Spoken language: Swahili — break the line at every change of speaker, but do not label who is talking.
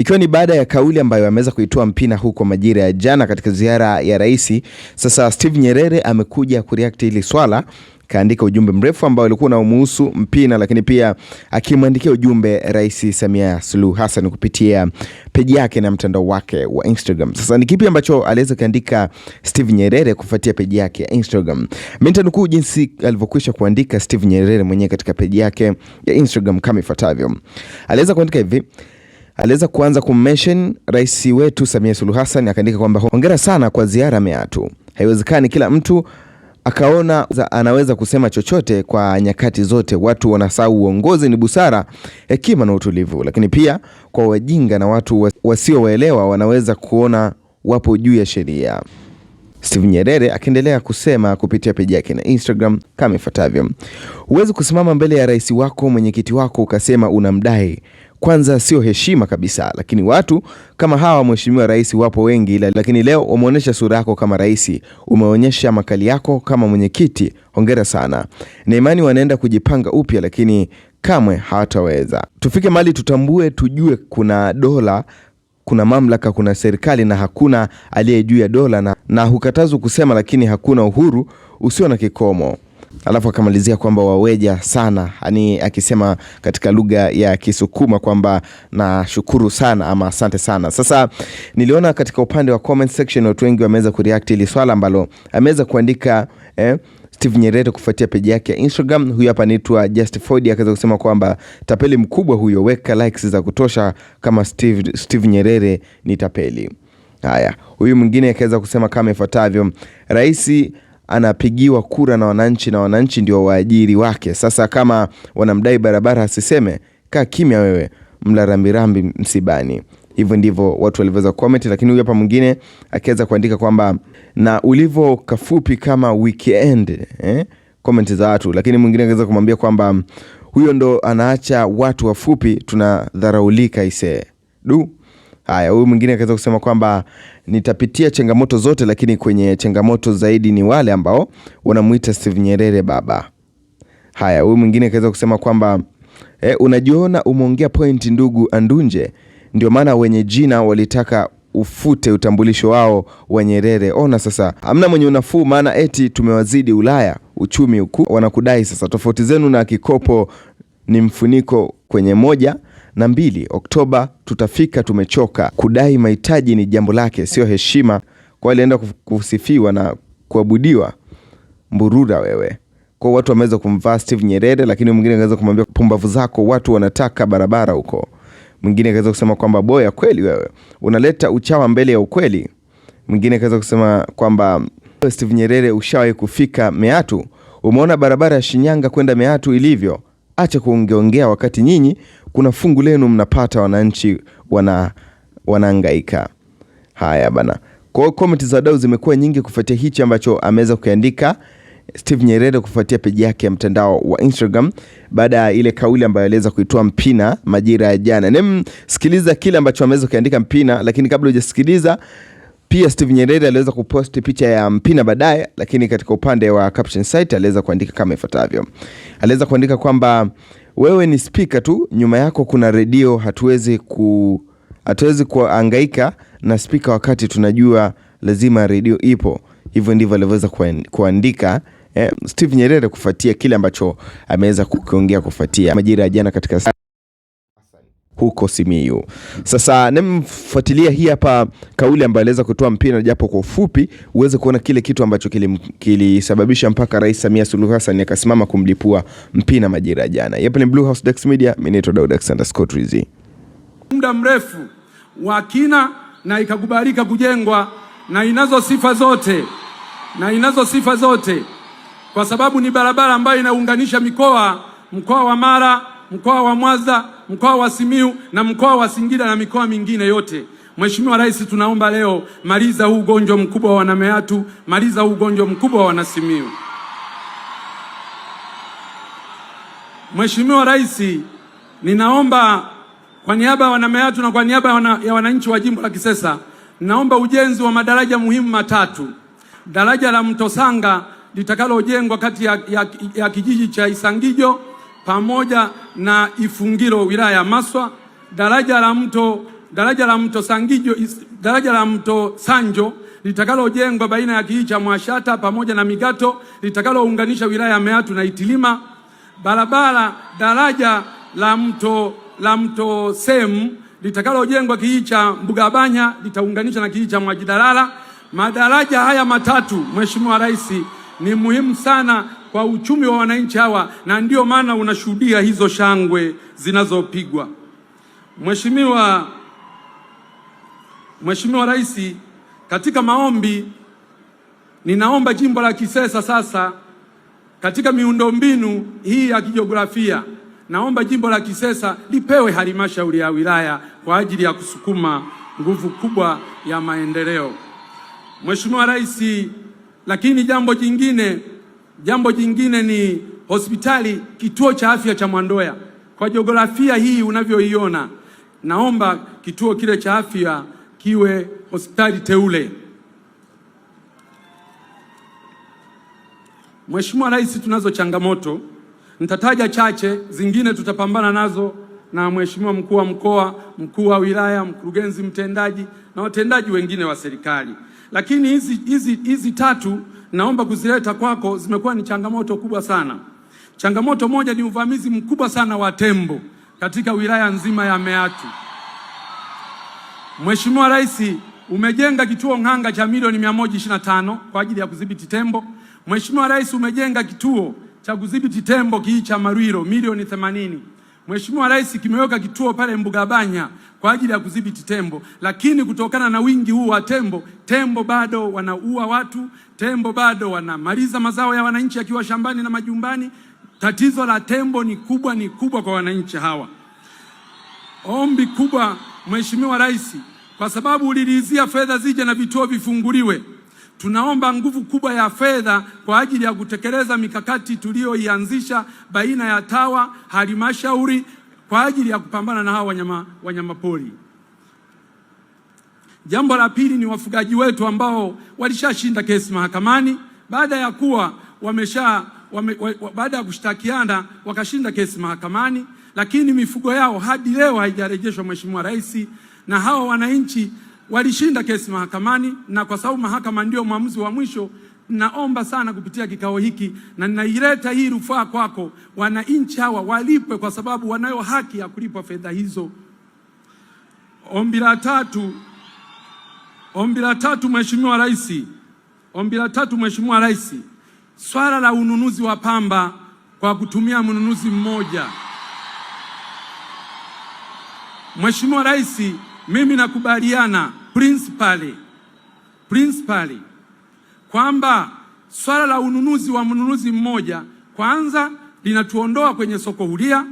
ikiwa ni baada ya kauli ambayo ameweza kuitoa Mpina huko majira ya jana katika ziara ya rais. Sasa Steve Nyerere amekuja kureact hili swala, kaandika ujumbe mrefu ambao ulikuwa unamuhusu Mpina, lakini pia akimwandikia ujumbe Rais Samia Suluhu Hassan kupitia peji yake na mtandao wake wa Instagram. Sasa ni kipi ambacho aliweza kuandika Steve Nyerere kufuatia peji yake ya Instagram? Mimi nitanukuu jinsi alivyokwisha kuandika Steve Nyerere mwenyewe katika peji yake ya Instagram kama ifuatavyo. Aliweza kuandika hivi: aliweza kuanza kummention rais wetu Samia Suluhu Hassan, akaandika kwamba hongera sana kwa ziara Meatu. Haiwezekani kila mtu akaona anaweza kusema chochote kwa nyakati zote. Watu wanasahau uongozi ni busara, hekima na utulivu, lakini pia kwa wajinga na watu wasiowaelewa wanaweza kuona wapo juu ya sheria. Steve Nyerere akiendelea kusema kupitia peji yake na Instagram kama ifuatavyo: huwezi kusimama mbele ya rais wako, mwenyekiti wako ukasema unamdai kwanza sio heshima kabisa, lakini watu kama hawa, mheshimiwa rais, wapo wengi, lakini leo umeonyesha sura yako kama rais, umeonyesha makali yako kama mwenyekiti. Hongera sana, na imani wanaenda kujipanga upya, lakini kamwe hawataweza. Tufike mali tutambue, tujue kuna dola kuna mamlaka, kuna serikali na hakuna aliye juu ya dola, na, na hukatazwa kusema, lakini hakuna uhuru usio na kikomo alafu akamalizia kwamba waweja sana, yani akisema katika lugha ya Kisukuma kwamba nashukuru sana ama asante sana. Sasa niliona katika upande wa comment section watu wengi wameweza kureact ili swala ambalo ameweza kuandika eh, Steve Nyerere kufuatia peji yake ya Instagram. Huyu hapa anaitwa Just Ford akaweza kusema kwamba tapeli mkubwa huyo, weka likes za kutosha kama Steve, Steve Nyerere ni tapeli. Haya, huyu mwingine akaweza kusema kama ifuatavyo: Raisi anapigiwa kura na wananchi na wananchi ndio waajiri wake. Sasa kama wanamdai barabara asiseme, kaa kimya wewe, mlarambirambi msibani. Hivyo ndivyo watu walivyoweza comment, lakini huyu hapa mwingine akiweza kuandika kwamba na ulivyo kafupi kama weekend eh? Comment za watu, lakini mwingine akaweza kumwambia kwamba huyo ndo anaacha watu wafupi tunadharaulika isee du Haya, huyu mwingine akaweza kusema kwamba nitapitia changamoto zote, lakini kwenye changamoto zaidi ni wale ambao wanamuita Steve Nyerere baba. Haya, huyu mwingine akaweza kusema kwamba e, unajiona umeongea point ndugu Andunje, ndio maana wenye jina walitaka ufute utambulisho wao wa Nyerere. Ona sasa, amna mwenye unafuu, maana eti tumewazidi Ulaya uchumi huku, wanakudai sasa. Tofauti zenu na kikopo ni mfuniko kwenye moja na mbili Oktoba tutafika tumechoka. Kudai mahitaji ni jambo lake, sio heshima. Kwa alienda kusifiwa na kuabudiwa mburura wewe. Kwa watu wameweza kumvaa Steve Nyerere, lakini mwingine anaweza kumwambia pumbavu zako, watu wanataka barabara huko. Mwingine anaweza kusema kwamba boya kweli wewe unaleta uchawa mbele ya ukweli. Mwingine anaweza kusema kwamba Steve Nyerere, ushawahi kufika Meatu? Umeona barabara ya Shinyanga kwenda Meatu ilivyo? Acha kuongeongea wakati nyinyi kuna fungu lenu mnapata, wananchi wana wanahangaika. Haya bana. Kwa hiyo comment za wadau zimekuwa nyingi kufuatia hichi ambacho ameweza kukiandika Steve Nyerere kufuatia peji yake ya mtandao wa Instagram baada ya ile kauli ambayo aliweza kuitoa Mpina majira ya jana. Nem, sikiliza kile ambacho ameweza kuandika Mpina, lakini kabla hujasikiliza pia Steve Nyerere aliweza kuposti picha ya Mpina baadaye, lakini katika upande wa caption site aliweza kuandika kama ifuatavyo. Aliweza kuandika kwamba wewe ni spika tu, nyuma yako kuna redio. Hatuwezi ku hatuwezi kuangaika na spika wakati tunajua lazima redio ipo. Hivyo ndivyo alivyoweza kuandika eh, Steve Nyerere kufuatia kile ambacho ameweza kukiongea kufuatia majira ya jana katika huko Simiyu. Sasa nimfuatilia hii hapa kauli ambayo aliweza kutoa Mpina, japo kwa ufupi uweze kuona kile kitu ambacho kilisababisha kili mpaka Rais Samia Suluhu Hassan akasimama kumlipua Mpina majira jana. Yepo ni Blue House Dax Media, mimi naitwa Daud Alexander Scott Rizzi.
Muda mrefu wa kina na ikakubalika kujengwa na inazo sifa zote na inazo sifa zote kwa sababu ni barabara ambayo inaunganisha mikoa mkoa wa Mara mkoa wa Mwanza, mkoa wa Simiu na mkoa wa Singida na mikoa mingine yote. Mheshimiwa Rais, tunaomba leo, maliza huu ugonjwa mkubwa wa wanameatu, maliza huu ugonjwa mkubwa wa wanasimiu. Mheshimiwa Rais, ninaomba kwa niaba ya wanameatu na kwa niaba ya wananchi wa jimbo la Kisesa naomba ujenzi wa madaraja muhimu matatu. Daraja la Mtosanga litakalojengwa kati ya, ya, ya kijiji cha Isangijo pamoja na Ifungiro wilaya ya Maswa, daraja la mto daraja la mto Sangijo, daraja la mto Sanjo litakalojengwa baina ya kijiji cha Mwashata pamoja na Migato litakalounganisha wilaya ya Meatu na Itilima, barabara daraja la mto la mto Sem litakalojengwa kijiji cha Mbugabanya litaunganisha na kijiji cha Mwajidalala. Madaraja haya matatu Mheshimiwa Rais, ni muhimu sana kwa uchumi wa wananchi hawa, na ndiyo maana unashuhudia hizo shangwe zinazopigwa. Mheshimiwa Mheshimiwa Rais, katika maombi ninaomba jimbo la Kisesa sasa, katika miundombinu hii ya kijiografia, naomba jimbo la Kisesa lipewe halmashauri ya wilaya kwa ajili ya kusukuma nguvu kubwa ya maendeleo. Mheshimiwa Rais, lakini jambo jingine Jambo jingine ni hospitali kituo cha afya cha Mwandoya. Kwa jiografia hii unavyoiona, naomba kituo kile cha afya kiwe hospitali teule. Mheshimiwa Rais, tunazo changamoto, nitataja chache, zingine tutapambana nazo na Mheshimiwa mkuu wa mkoa, mkuu wa wilaya, mkurugenzi mtendaji na watendaji wengine wa serikali. Lakini hizi hizi hizi tatu naomba kuzileta kwako, zimekuwa ni changamoto kubwa sana. Changamoto moja ni uvamizi mkubwa sana wa tembo katika wilaya nzima ya Meatu. Mheshimiwa Rais umejenga kituo ng'anga cha milioni 125 kwa ajili ya kudhibiti tembo. Mheshimiwa Rais umejenga kituo cha kudhibiti tembo kii cha Marwiro milioni 80. Mheshimiwa Rais kimeweka kituo pale Mbugabanya kwa ajili ya kudhibiti tembo, lakini kutokana na wingi huu wa tembo, tembo bado wanaua watu, tembo bado wanamaliza mazao ya wananchi akiwa shambani na majumbani. Tatizo la tembo ni kubwa, ni kubwa kwa wananchi hawa. Ombi kubwa Mheshimiwa Rais, kwa sababu ulilizia fedha zije na vituo vifunguliwe Tunaomba nguvu kubwa ya fedha kwa ajili ya kutekeleza mikakati tuliyoianzisha baina ya TAWA halmashauri kwa ajili ya kupambana na hawa wanyama wanyamapori. Jambo la pili ni wafugaji wetu ambao walishashinda kesi mahakamani baada ya kuwa wamesha wame, wa, baada ya kushtakiana wakashinda kesi mahakamani, lakini mifugo yao hadi leo haijarejeshwa, Mheshimiwa Rais, na hawa wananchi Walishinda kesi mahakamani, na kwa sababu mahakama ndio mwamuzi wa mwisho, naomba sana kupitia kikao hiki na ninaileta hii rufaa kwako, wananchi hawa walipwe, kwa sababu wanayo haki ya kulipwa fedha hizo. Ombi la tatu, ombi la tatu, Mheshimiwa Rais, ombi la tatu, Mheshimiwa Rais, swala la ununuzi wa pamba kwa kutumia mnunuzi mmoja. Mheshimiwa Rais, mimi nakubaliana principally principally kwamba swala la ununuzi wa mnunuzi mmoja kwanza linatuondoa kwenye soko huria